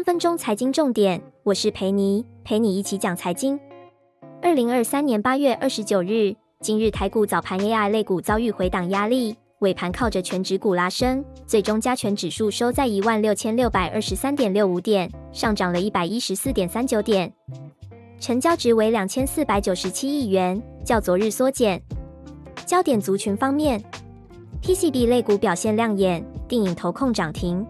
三分鐘財經重點，我是裴妮，陪你一起講財經。二零二三年八月二十九日，今日台股早盤 AI 類股遭遇回檔壓力，尾盤靠着權值股拉升，最終加權指數收在一萬六千六百二十三點六五點，上漲了一百一十四點三九點，成交值為兩千四百九十七億元，較昨日縮減。焦點族群方面，PCB 類股表現亮眼，定穎投控漲停。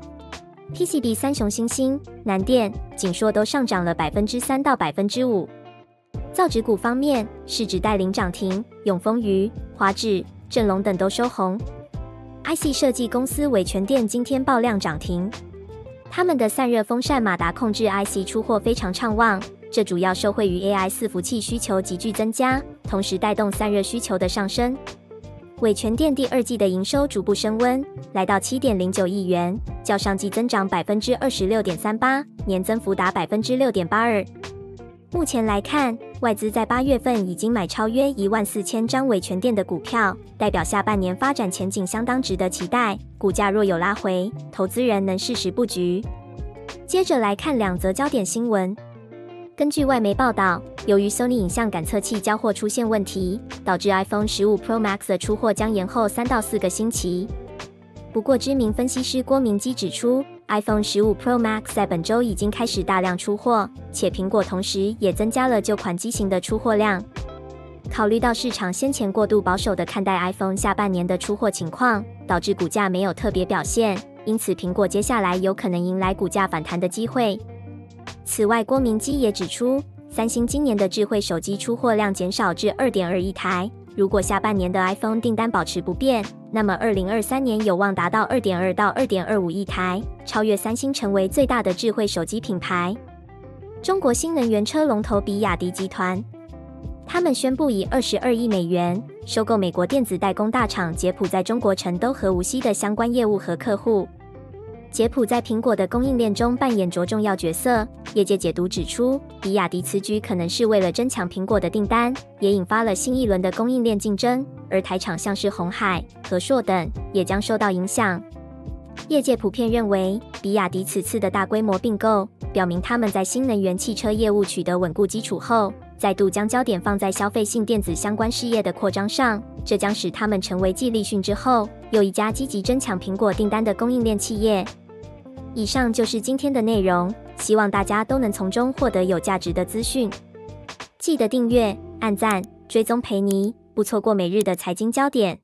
PCB 三雄欣興、南電、景碩都上漲了百分之三到百分之五。造紙股方面，市值帶領漲停，永豐餘、華紙、正隆等都收紅。IC 設計公司偉詮電今天爆量漲停，他們的散熱風扇、馬達控制 IC 出貨非常暢旺，這主要受惠於 AI 伺服器需求急劇增加，同時帶動散熱需求的上升。偉詮電第二季的營收逐步升溫，來到七點零九億元，較上季增長百分之二十六點三八，年增幅達百分之六點八二。目前來看，外資在八月份已經買超約一萬四千張偉詮電的股票，代表下半年發展前景相當值得期待。股價若有拉回，投資人能適時布局。接着來看兩則焦點新聞。根據外媒報道，由於 Sony 影像感測器交貨出現問題，導致 iPhone 十五 Pro Max 的出貨將延後三到四個星期。不過，知名分析師郭明錤指出，iPhone 十五 Pro Max 在本周已經開始大量出貨，且蘋果同時也增加了舊款機型的出貨量。考慮到市場先前過度保守地看待 iPhone 下半年的出貨情況，導致股價沒有特別表現，因此蘋果接下來有可能迎來股價反彈的機會。此外，郭明錤也指出，三星今年的智慧手機出貨量減少至二點二億台。如果下半年的 iPhone 訂單保持不變，那麼二零二三年有望達到二點二到二點二五億台，超越三星成為最大的智慧手機品牌。中國新能源車龍頭比亞迪集團，他們宣布以二十二億美元收購美國電子代工大廠捷普在中國成都和無錫的相關業務和客戶。捷普在蘋果的供應鏈中扮演着重要角色。業界解讀指出，比亞迪此舉可能是為了爭搶蘋果的訂單，也引發了新一輪的供應鏈競爭。而台廠像是鴻海、和碩等，也將受到影響。業界普遍認為，比亞迪此次的大規模併購，表明他們在新能源汽車業務取得穩固基礎後，再度將焦點放在消費性電子相關事業的擴張上。這將使他們成為繼立訊之後，又一家積極爭搶蘋果訂單的供應鏈企業。以上就是今天的內容，希望大家都能從中獲得有價值的資訊。記得訂閱、按讚、追蹤裴妮，不錯過每日的財經焦點。